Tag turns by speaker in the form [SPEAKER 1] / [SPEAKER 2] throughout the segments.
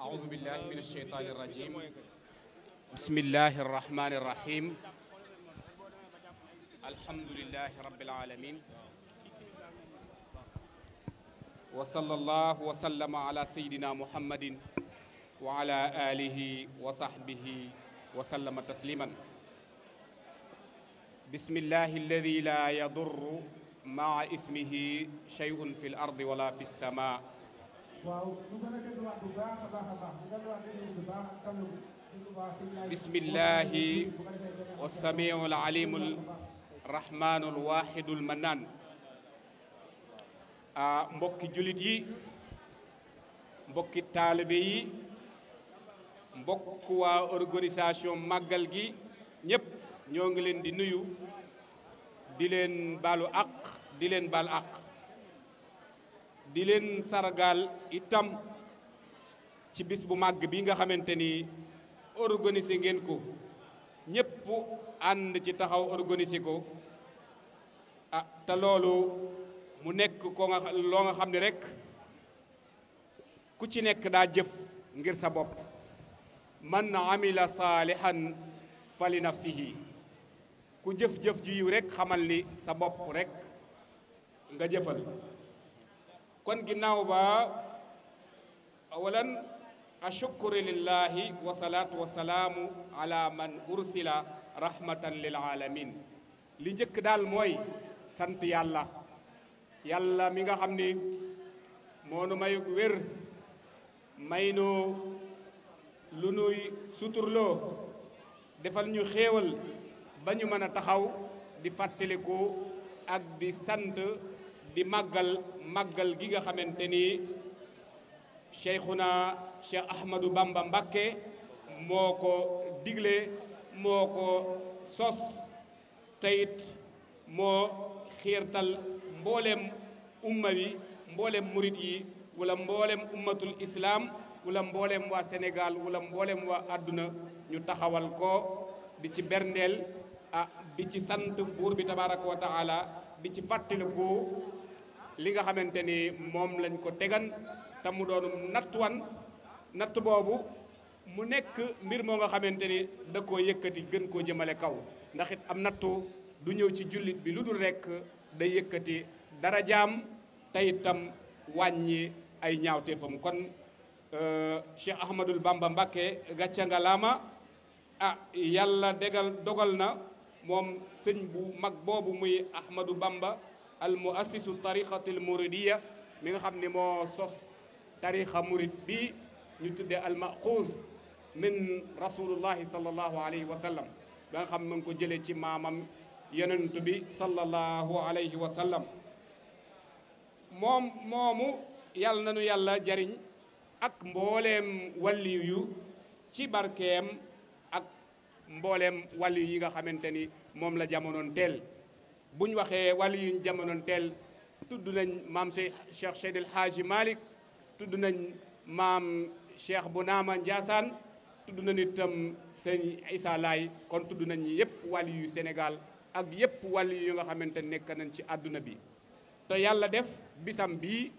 [SPEAKER 1] أعوذ بالله من الشيطان الرجيم بسم الله الرحمن الرحيم الحمد لله رب العالمين وصلى الله وسلم على سيدنا محمد وعلى آله وصحبه وسلم تسليما بسم الله الذي لا يضر مع اسمه شيء في الأرض ولا في السماء waaw ñu gën a a baax wa samiu al alimu al rahmanu mbokki julit yi mbokki taalibe yi mbokk waa organisation màggal gi ñépp ñoo ngi leen di nuyu di leen baalu àq di leen baal àq di leen sargaal itam ci bis bu màgg bi nga xamante ni organiser ngeen ko ñëpp ànd ci taxaw organiser ko ah te loolu mu nekk ko nga loo nga xam ni rek ku ci nekk daa jëf ngir sa bopp mën man amila saalihan fali nafsihi ku jëf-jëf ji yiw rek xamal ni sa bopp rek nga jëfal kon ginnaaw ba awalan ashukuru lillahi wa salaatu wa salaamu ala man ursila rahmatan lil alamin li njëkk daal mooy sant yàlla yàlla mi nga xam ni moonu mayug wér may nu lu nuy suturloo defal ñu xéewal ba ñu mën a taxaw di fàttaliku ak di sant di màggal màggal gi nga xamante ni Cheikhuna Cheikh Ahmadou Bamba Mbakke moo ko digle moo ko sos teyit moo xiirtal mboolem umma bi mboolem murit yi wala mboolem ummatul islaam wala mboolem waa Sénégal wala mboolem waa àdduna ñu taxawal ko bi ci berndeel a ah, bi ci sant buur bi tabaaraka wa taala di ci fàttaliku li nga xamante ni moom lañ ko tegan te mu doon wan natt boobu mu nekk mbir moo nga xamante ni da koo yëkkati gën koo jëmale kaw ndax it am nattu du ñëw ci jullit bi lu dul rekk da yëkkati dara jaam te itam wàññi ay ñaawteefam kon euh, Cheikh Ahmadul Bamba Mbakke gàcca ah yàlla degal dogal na moom sëñ bu mag boobu muy Ahmadu bàmba al muassisu tariqatil muridiya mi nga xam ne moo sos tariqa murid bi ñu tudde al maxuuz min rasulullahi sallallahu alayhi wa sallam ba nga xam mu ko jëlee ci maamam yonent bi sallallahu alayhi wa sallam moom moomu yàlla nanu yàlla jariñ ak mbooleem wàlliw yu ci barkeem ak mbooleem wàlliw yi nga xamante ni moom la jamonoon teel bu ñu waxee wàllu yuñ jamonoon teel tudd nañ maam say cheikh Seydil Haaji tudd nañ maam cheikh bu naama Ndiassane tudd nañ itam sëñ Issa Laay kon tudd nañ yëpp wàllu yu Sénégal ak yëpp wàllu yu nga xamante nekk nañ ci àdduna bi te yàlla def bisam bii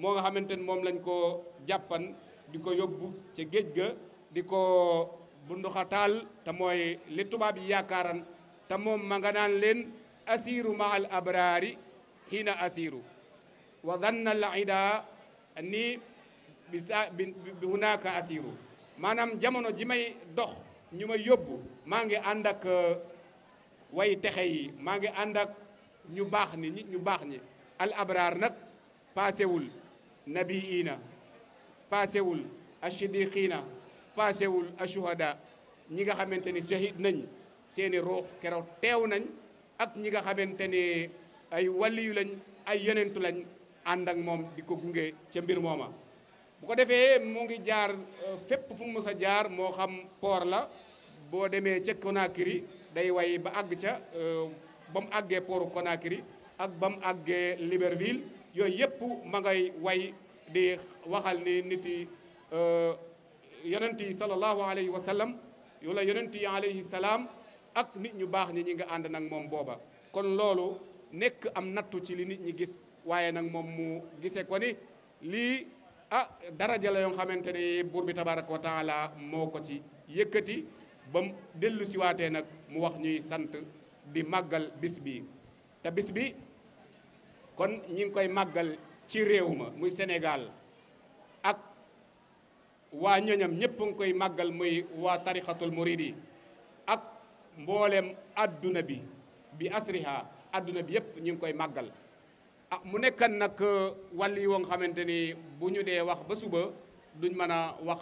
[SPEAKER 1] moo nga xamante ne moom lañ ko jàppan di ko yóbbu ca géej ga di ko bunduxataal te mooy li tubaab yi yaakaaran te moom ma nga naan leen asiru ma al abrari hina asiru wa dhanna al ida ni bi hunaka asiru maanaam jamono ji may dox ñu ma yóbbu maa ngi ànd ak way texe yi maa ngi ànd ak ñu baax ni nit ñu baax ñi al abraar nag paasewul nabiina paasewul ashidiqina paasewul ashuhada ñi nga xamante ni shahid nañ seeni ruux keroog teew nañ ak ñi nga xamante ne ay waliyu lañ ay yenentu lañ ànd ak moom di ko gunge ca mbir mooma bu ko defee mu ngi jaar euh, fépp fum mu mës a jaar moo xam port la boo demee ca Conakry day way ba àgg ca euh, ba mu àggee portu Conakry ak ba mu àggee Libreville yooyu yëpp ma ngay way di waxal ni nit yi euh, yonent yi sallallahu alayhi wa sallam yoola yonent alayhi salaam ak nit ñu baax ni ñi nga ànd nag moom booba kon loolu nekk am nattu ci li nit ñi gis waaye nag moom mu gisee ko ni lii a ah, daraja la yoo xamante ne buur bi tabaraka wa moo ko ci yëkkati ba mu dellu nag mu wax ñuy sant di màggal bis bi te bis bi kon ñi ngi koy màggal ci réew ma muy Sénégal ak waa ñoñam ñëpp ngi koy màggal muy waa tarixatul muridi mbooleem adduna bi bi asriha adduna bi yëpp ñu ngi koy màggal a ah, mu nekkan nag euh, wàll yi woo xamante ni bu ñu dee wax ba suba duñ mën a wax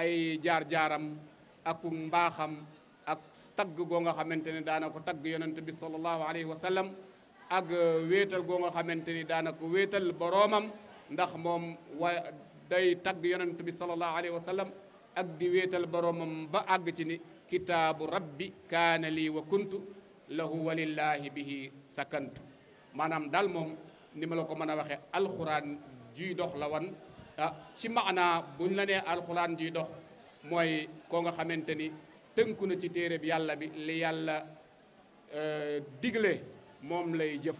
[SPEAKER 1] ay jaar-jaaram ak mbaaxam ak tagg goo nga xamante ni daana ko tagg yonent bi sallallahu alayhi wa sallam ak euh, wéetal goo nga xamante ni daana ko wéetal boroomam ndax moom wa day tagg bi sallallahu alayhi wa sallam ak di wéetal boroomam ba àgg ci ni kitaabu rabbi kaana lii wa kuntu lahu walillaahi bihi sakantu maanaam daal moom ni ma la ko mën a waxee alxuraan juy dox la wan ah ci maanaa buñ la nee alxuraan juy dox mooy koo nga xamante ni tënku na ci téere bi yàlla bi li yàlla euh, digle moom lay jëf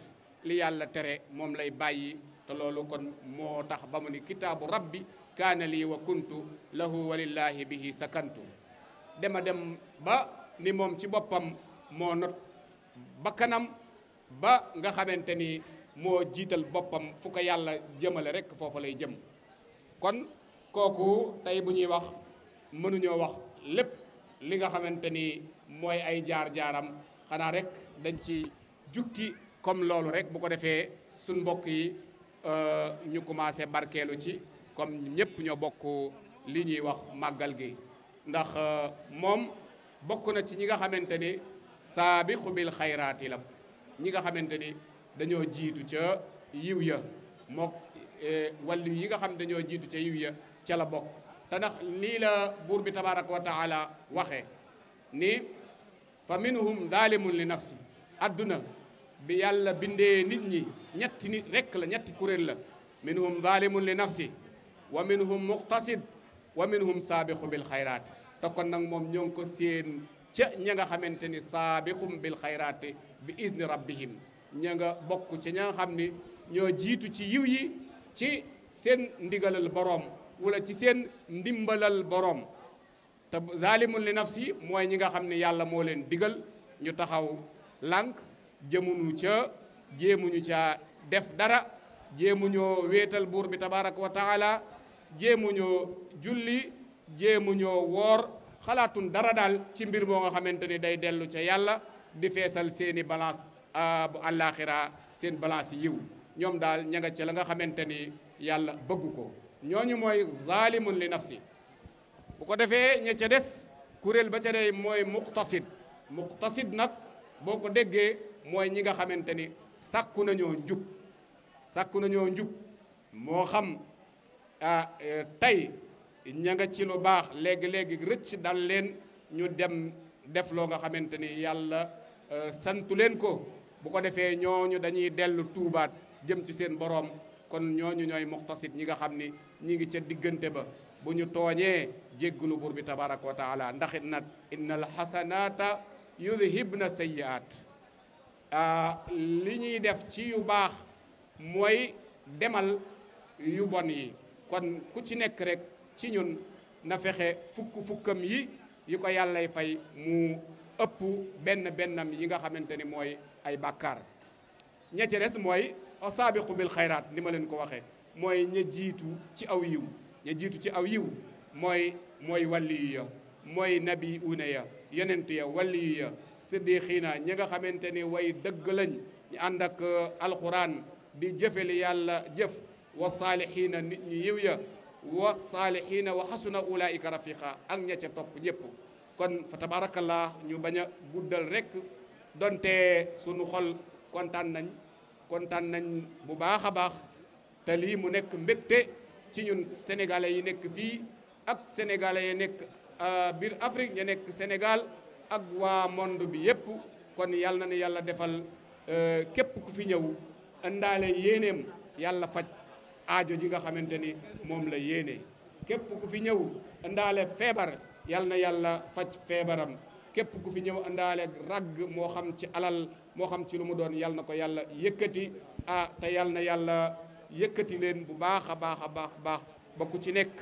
[SPEAKER 1] li yàlla tere moom lay bàyyi te loolu kon moo tax ba mu ni kitaabu rabbi kaana lii wa kuntu lahu walillaahi bihi sakantu dema dem ba ni moom ci boppam moo not kanam ba nga xamante ni moo jiital boppam fu ko yàlla jëmale rek foofa lay jëm kon kooku tey bu ñuy wax mënuñoo wax lépp li nga xamante ni mooy ay jaar-jaaram xanaa rek dañ ci jukki comme loolu rek bu ko defee suñ mbokk yi euh, ñu commencé barkeelu ci comme ñëpp ñoo bokk li ñuy wax màggal gi ndax euh, moom bokk na ci ñi nga xamante ni saabixu bil xayraati la ñi nga xamante ni dañoo jiitu ca yiw ya mook e, walli yi nga xam dañoo jiitu ca yiw ya ca la bokk te ndax nii la buur bi tabaraka wa taala waxee ni fa minhum zalimun li nafsi adduna bi yàlla bindee nit ñi ñetti nit rekk la ñetti kuréel la minhum zalimun li nafsi wa minhum muqtasid wa minhum saabixu bil xayraat te kon nag moom ñoo ngi ko seen ca ña nga xamante ni saabixum bil xayraati bi izni rabbihim ña nga bokk ci ña nga xam ni ñoo jiitu ci yiw yi ci seen ndigalal boroom wala ci seen ndimbalal boroom te zaalimun li nafsi mooy ñi nga xam ne yàlla moo leen digal ñu taxaw lànk jëmuñu ca jéemuñu ca def dara jéemuñoo wéetal buur bi tabaraka wa taala jéemuñoo julli ñoo woor xalaatun dara daal ci mbir moo nga xamante ni day dellu ca yàlla di feesal seeni balance bu àllaaxira seen balance yiw ñoom daal ña nga ca la nga xamante ni yàlla bëgg ko ñooñu mooy zaalimun li nafsi bu ko defee ña ca des kuréel ba ca dey mooy muqtasid muqtasid nag boo ko déggee mooy ñi nga xamante ni sàkku nañoo njub sàkku nañoo njub moo xam ah eh, tey ña nga ci lu baax léegi-léegi rëcc dal leen ñu dem def loo nga xamante ni yàlla eh, santu leen ko bu ko defee ñooñu dañuy dellu tuubaat jëm ci seen boroom kon ñooñu ñoy muqtasid ñi nga xam ni ñi ngi ca diggante ba bu ñu tooñee jéggulu buur bi tabaraka wa taala ndax it nag inna alxasanata yudhibna sayyi'at ah, li ñuy def ci yu baax mooy demal yu bon yi kon ku ci nekk rek ci ñun na fexe fukk fukkam yi yi ko yàllay fay mu ëpp benn bennam yi nga xamante ni mooy ay bàkkaar ña ca des mooy asaabiqu bil xayraat ni ma leen ko waxee mooy ña jiitu ci aw yiw ña jiitu ci aw yiw mooy mooy wàlliyu ya mooy nabi una ya yonent ya wàlliyu ya siddiqiina ñi nga xamante ni way dëgg lañ ñu ànd ak uh, alxuraan di jëfe li yàlla jëf wa saalihiina nit ñu yiw ya wa saalihiina wa xasuna ulaayika rafiqa ak ña ca topp ñëpp kon fa tabarakallah ñu bañ a guddal rek doonte sunu xol kontaan nañ kontaan nañ bu baax a baax te lii mu nekk mbégte ci ñun sénégalais yi nekk fii ak sénégalais yi nekk euh, biir Afrique ña nekk senegal ak waa monde bi yëpp kon yàlla na ne yàlla defal euh, képp ku fi ñëw indaale yéeneem yàlla faj. aajo ji nga xamante ni moom la yéene képp ku fi ñëw indaale feebar yal na yàlla faj feebaram képp ku fi ñëw indaale ragg moo xam ci alal moo xam ci lu mu doon yal na ko yàlla yëkkati ah te yal na yàlla yëkkati leen bu baax a baax a baax baax ba ku ci nekk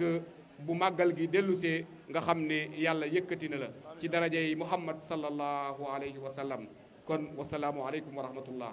[SPEAKER 1] bu màggal gi dellusee nga xam ne yàlla yëkkati na la ci daraja yi muhammad sallallahu alayhi wa sallam kon wasalaamu aleykum wa rahmatullah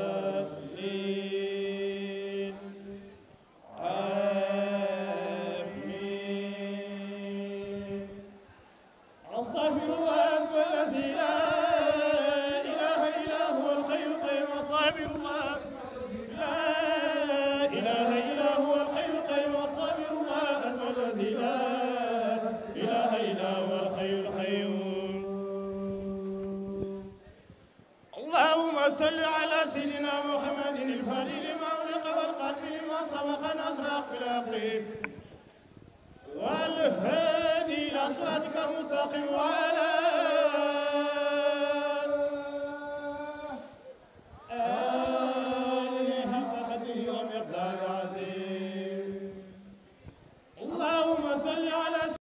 [SPEAKER 1] المتقي والهادي إلى صراطك المستقيم وعلى